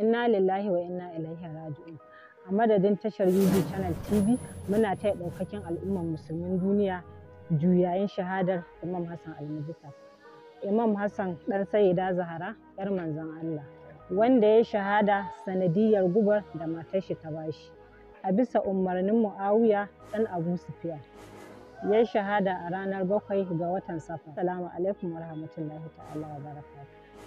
inna lillahi wa inna ilaihi raji'un a madadin tashar UB Channel TV muna taya ɗaukakin al'ummar musulmin duniya juyayin shahadar Imam Hassan Almujita Imam Hassan ɗan Sayyida Zahara yar manzon Allah wanda ya shahada sanadiyar gubar da matar shi ta bashi a bisa umarnin Muawiya ɗan Abu sufiya ya shahada a ranar bakwai ga watan Safa. Assalamu alaikum rahmatullahi ta'ala wa barakatuh.